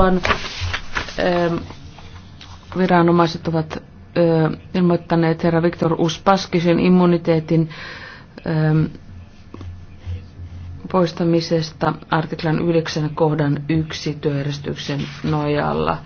Puolan ähm, viranomaiset ovat ähm, ilmoittaneet herra Viktor Uspaskisen immuniteetin ähm, poistamisesta artiklan 9 kohdan 1 työjärjestyksen nojalla.